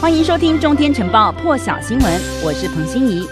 歡迎收聽《中天晨報》破曉新聞，我是彭欣怡。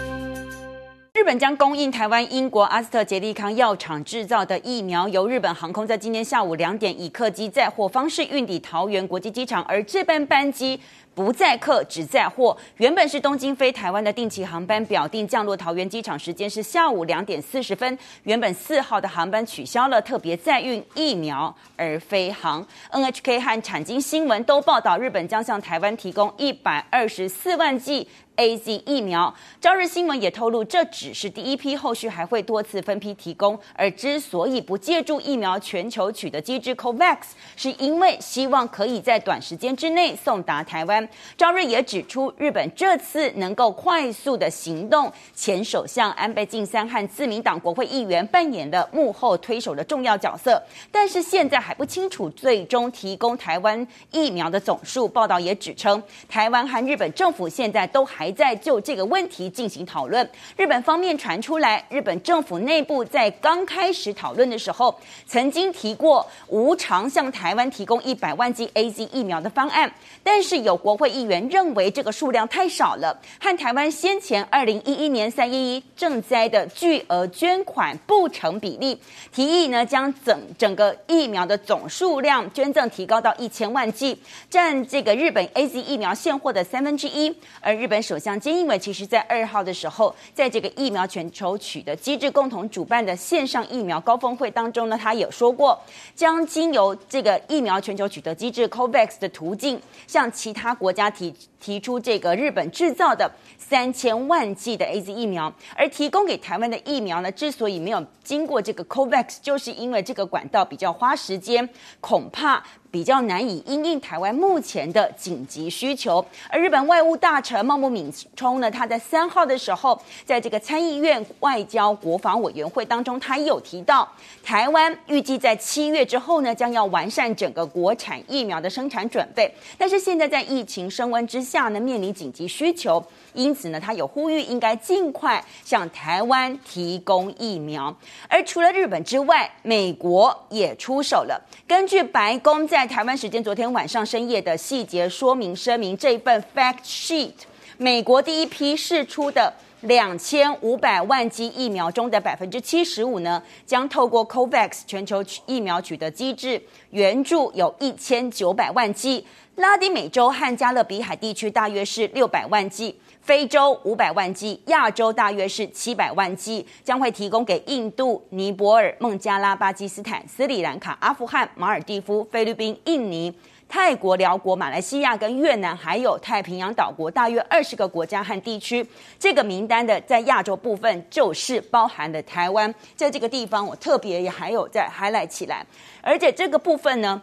日本將供應台灣英國阿斯特捷利康藥廠制造的疫苗，由日本航空在今天下午兩點以客機載貨方式運抵桃園國際機場，而這班班機。不載客，只載貨。原本是東京飛台灣的定期航班，表定降落桃園機場時間是下午兩點四十分。原本四號的航班取消了，特別載運疫苗而飛航。N H K 和產經新聞都報道，日本將向台灣提供一百二十四萬劑 A Z 疫苗。朝日新聞也透露，這只是第一批，後續還會多次分批提供。而之所以不借助疫苗全球取得機制 COVAX，是因為希望可以在短時間之內送達台灣。朝日也指出，日本這次能夠快速的行動，前首相安倍晉三和自民黨國會議員扮演了幕後推手的重要角色。但是現在還不清楚最終提供台灣疫苗的總數。報道也指稱，台灣和日本政府現在都還在就這個問題進行討論。日本方面傳出來，日本政府內部在剛開始討論的時候，曾經提過無償向台灣提供一百萬劑 AZ 疫苗的方案，但是有國。會議員認為這個數量太少了，和台灣先前二零一一年三一一賑災的巨額捐款不成比例。提議呢，將整整個疫苗的總數量捐贈提高到一千萬劑，佔這個日本 AZ 疫苗現貨的三分之一。而日本首相菅義偉其實在二號的時候，在這個疫苗全球取得機制共同主辦的線上疫苗高峰會當中呢，他也說過，將經由這個疫苗全球取得機制 COVAX 的途徑，向其他國。國家提提出這個日本製造的三千萬劑的 AZ 疫苗，而提供給台灣的疫苗呢，之所以沒有經過這個 COVAX，就是因為這個管道比較花時間，恐怕。比較難以因應台灣目前的緊急需求，而日本外務大臣茂木敏充呢，他在三號的時候，在這個參議院外交國防委員會當中，他也有提到，台灣預計在七月之後呢，將要完善整個國產疫苗的生產準備，但是現在在疫情升溫之下呢，面臨緊急需求，因此呢，他有呼籲應該盡快向台灣提供疫苗，而除了日本之外，美國也出手了，根據白宮在台灣時間昨天晚上深夜的細節說明聲明，這份 fact sheet，美國第一批釋出的兩千五百萬劑疫苗中的百分之七十五呢，將透過 COVAX 全球疫苗取得機制援助，有一千九百萬劑，拉丁美洲和加勒比海地區大約是六百萬劑。非洲五百萬劑，亞洲大約是七百萬劑，將會提供給印度、尼泊爾、孟加拉、巴基斯坦、斯里蘭卡、阿富汗、馬爾地夫、菲律賓、印尼、泰國、寮國、馬來西亞跟越南，還有太平洋島國大約二十個國家和地區。這個名單的在亞洲部分就是包含的台灣，在這個地方我特別也還有再 highlight 起來，而且這個部分呢，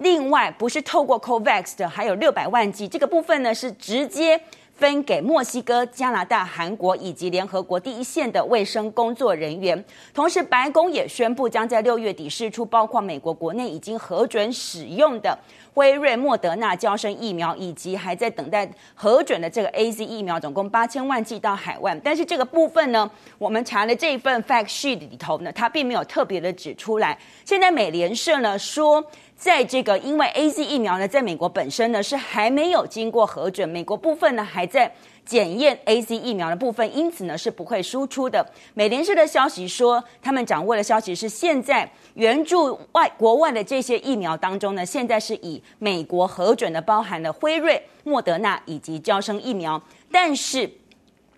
另外不是透過 COVAX 的，還有六百萬劑。這個部分呢是直接。分給墨西哥、加拿大、韓國以及聯合國第一線的衛生工作人員。同時，白宮也宣布，將在六月底釋出包括美國國內已經核准使用的，輝瑞、莫德納、嬌生疫苗，以及還在等待核准的這個 AZ 疫苗，總共八千萬劑到海外。但是這個部分呢，我們查了這份 fact sheet 裡頭呢，它並沒有特別的指出來。現在美聯社呢說，在這個因為 AZ 疫苗呢，在美國本身呢是還沒有經過核准，美國部分呢還在。檢驗 A C 疫苗的部分，因此呢是不會輸出的。美聯社的消息說，他們掌握的消息是，現在援助外國外的這些疫苗當中呢，現在是以美國核准的，包含了輝瑞、莫德納以及嬌生疫苗，但是。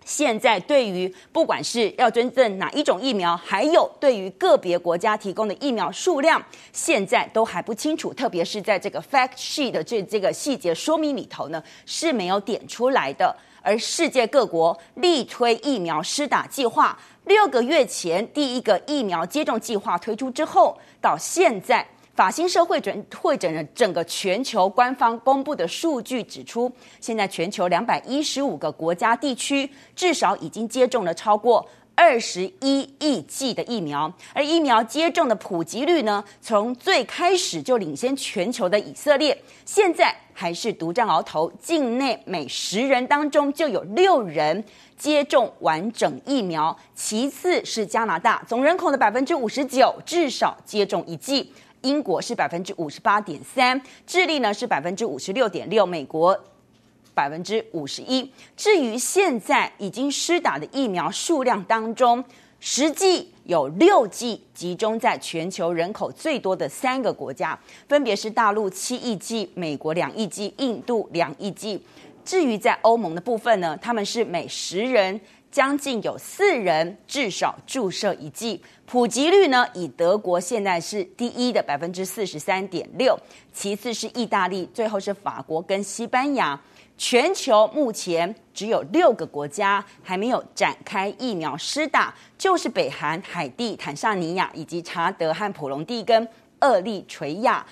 現在對於不管是要捐贈哪一種疫苗，還有對於個別國家提供的疫苗數量，現在都還不清楚。特別是在這個 fact sheet 的這這個細節說明裡頭呢，是沒有點出來的。而世界各國力推疫苗施打計劃，六個月前第一個疫苗接種計劃推出之後，到現在。法新社彙整彙整了整個全球官方公布的數據，指出現在全球兩百一十五個國家地區至少已經接種了超過二十一億劑的疫苗，而疫苗接種的普及率呢，從最開始就領先全球的以色列，現在還是獨占鰲頭，境內每十人當中就有六人接種完整疫苗，其次是加拿大，總人口的百分之五十九至少接種一劑。英國是百分之五十八點三，智利呢是百分之五十六點六，美國百分之五十一。至於現在已經施打的疫苗數量當中，十劑有六劑集中在全球人口最多的三個國家，分別是大陸七億劑、美國兩億劑、印度兩億劑。至於在歐盟的部分呢，他們是每十人將近有四人至少注射一劑，普及率呢，以德國現在是第一的百分之四十三點六，其次是義大利，最後是法國跟西班牙。全球目前只有六個國家還沒有展開疫苗施打，就是北韓、海地、坦尚尼亞以及查德和蒲隆地跟、厄利垂亞。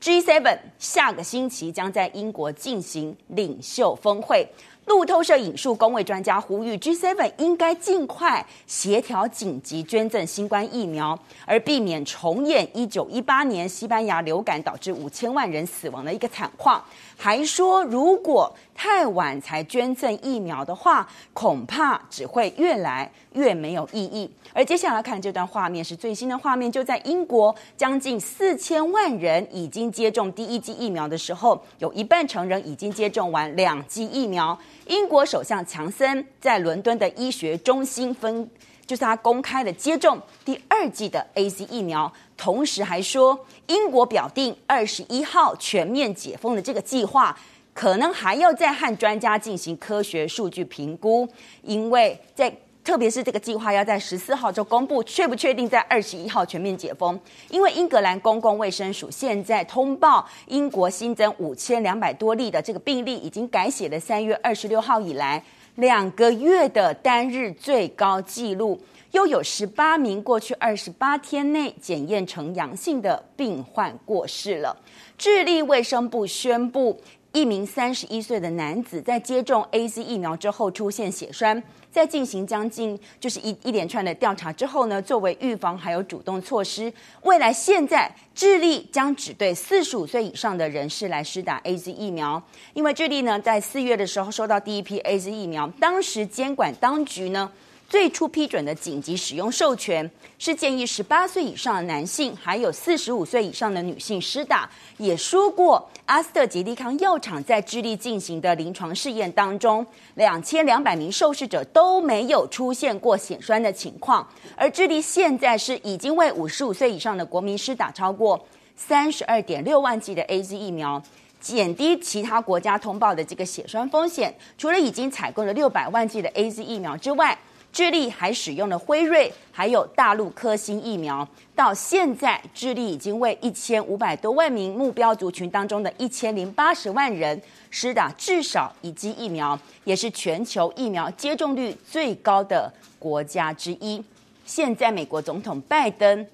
G7 下個星期將在英國進行領袖峰會。路透社引述公衛專家呼籲，G7 應該盡快協調緊急捐贈新冠疫苗，而避免重演一九一八年西班牙流感導致五千萬人死亡的一個慘況。還說，如果太晚才捐贈疫苗的話，恐怕只會越來越沒有意義。而接下來看這段畫面是最新的畫面，就在英國將近四千萬人已經接種第一劑疫苗的時候，有一半成人已經接種完兩劑疫苗。英國首相強森在倫敦的醫學中心分，就是他公開的接種第二劑的 AZ 疫苗，同時還說，英國表定二十一號全面解封的這個計劃，可能還要再和專家進行科學數據評估，因為在。特別是這個計劃要在十四號就公布，確不確定在二十一號全面解封？因為英格蘭公共衛生署現在通報，英國新增五千兩百多例的這個病例，已經改寫了三月二十六號以來兩個月的單日最高紀錄。又有十八名過去二十八天內檢驗呈陽性的病患過世了。智利衛生部宣布。一名三十一歲的男子在接種 A Z 疫苗之後出現血栓，在進行將近就是一一連串的調查之後呢，作為預防還有主動措施，未來現在智利將只對四十五歲以上的人士來施打 A Z 疫苗，因為智利呢在四月的時候收到第一批 A Z 疫苗，當時監管當局呢。最初批准的緊急使用授權，是建議十八歲以上的男性還有四十五歲以上的女性施打。也說過，阿斯特捷利康藥廠在智利進行的臨床試驗當中，兩千兩百名受試者都沒有出現過血栓的情況。而智利現在是已經為五十五歲以上的國民施打超過三十二點六萬劑的 A Z 疫苗，減低其他國家通報的這個血栓風險。除了已經採購了六百萬劑的 A Z 疫苗之外，智利還使用了輝瑞，還有大陸科興疫苗。到現在，智利已經為一千五百多萬名目標族群當中的一千零八十萬人施打至少一劑疫苗，也是全球疫苗接種率最高的國家之一。現在，美國總統拜登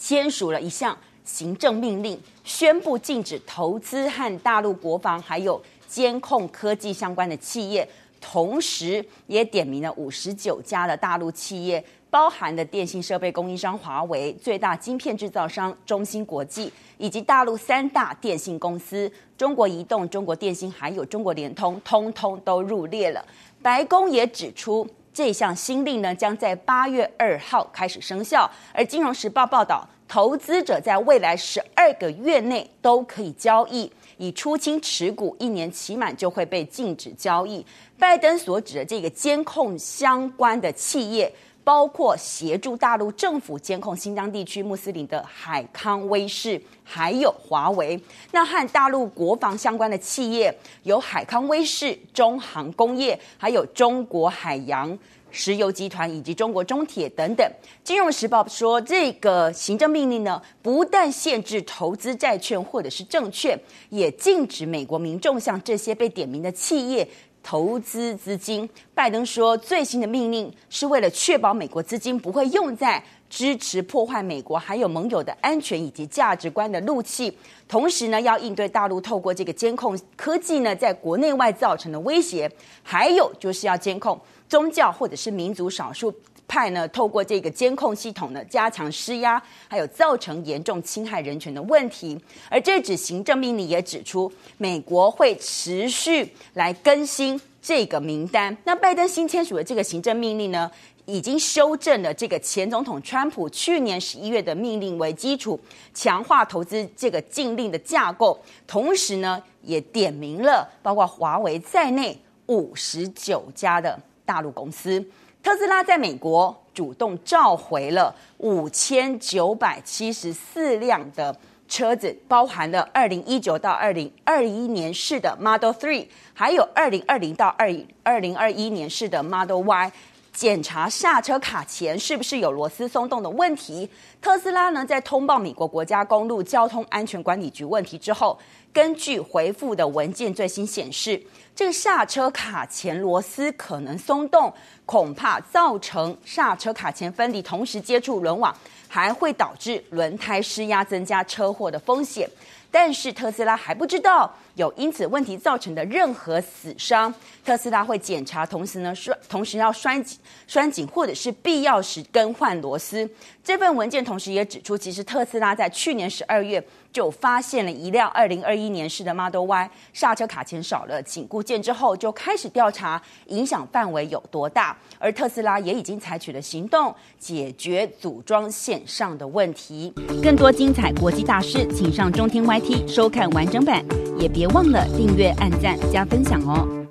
簽署了一項行政命令，宣布禁止投資和大陸國防，還有監控科技相關的企業。同時，也點名了五十九家的大陸企業，包含的電信設備供應商華為、最大晶片製造商中芯國際，以及大陸三大電信公司中國移動、中國電信，還有中國聯通，通通都入列了。白宮也指出，這項新令呢，將在八月二號開始生效。而《金融時報》報道，投資者在未來十二個月內都可以交易。以出清持股，一年期滿就會被禁止交易。拜登所指的這個監控相關的企業，包括協助大陸政府監控新疆地區穆斯林的海康威視，還有華為。那和大陸國防相關的企業有海康威視、中航工業，還有中國海洋。石油集團以及中國中鐵等等，《金融時報》說，這個行政命令呢，不但限制投資債券或者是證券，也禁止美國民眾向這些被點名的企業。投資資金，拜登說，最新的命令是為了確保美國資金不會用在支持破壞美國還有盟友的安全以及價值觀的陸企。同時呢，要應對大陸透過這個監控科技呢，在國內外造成的威脅，還有就是要監控宗教或者是民族少數。派呢，透過這個監控系統呢，加強施壓，還有造成嚴重侵害人權的問題。而這支行政命令也指出，美國會持續來更新這個名單。那拜登新簽署的這個行政命令呢，已經修正了這個前總統川普去年十一月的命令為基礎，強化投資這個禁令的架構，同時呢，也點名了包括華為在內五十九家的大陸公司。特斯拉在美國主動召回了五千九百七十四輛的車子，包含了二零一九到二零二一年式的 Model Three，還有二零二零到二二零二一年式的 Model Y，檢查煞車卡鉗是不是有螺絲鬆動的問題。特斯拉呢，在通報美國國家公路交通安全管理局問題之後，根據回復的文件最新顯示。這個剎車卡鉗螺絲可能鬆動，恐怕造成剎車卡鉗分離，同時接觸輪輞還會導致輪胎失壓，增加車禍的風險。但是特斯拉還不知道有因此問題造成的任何死傷。特斯拉會檢查，同時呢，同時要拴緊、拴緊，或者是必要時更換螺絲。這份文件同時也指出，其實特斯拉在去年十二月。就發現了一輛2021年式的 Model Y 剎車卡鉗少了緊固件之後，就開始調查影響範圍有多大。而特斯拉也已經採取了行動，解決組裝線上的問題。更多精彩國際大師，請上中天 YT 收看完整版，也別忘了訂閱、按讚、加分享哦。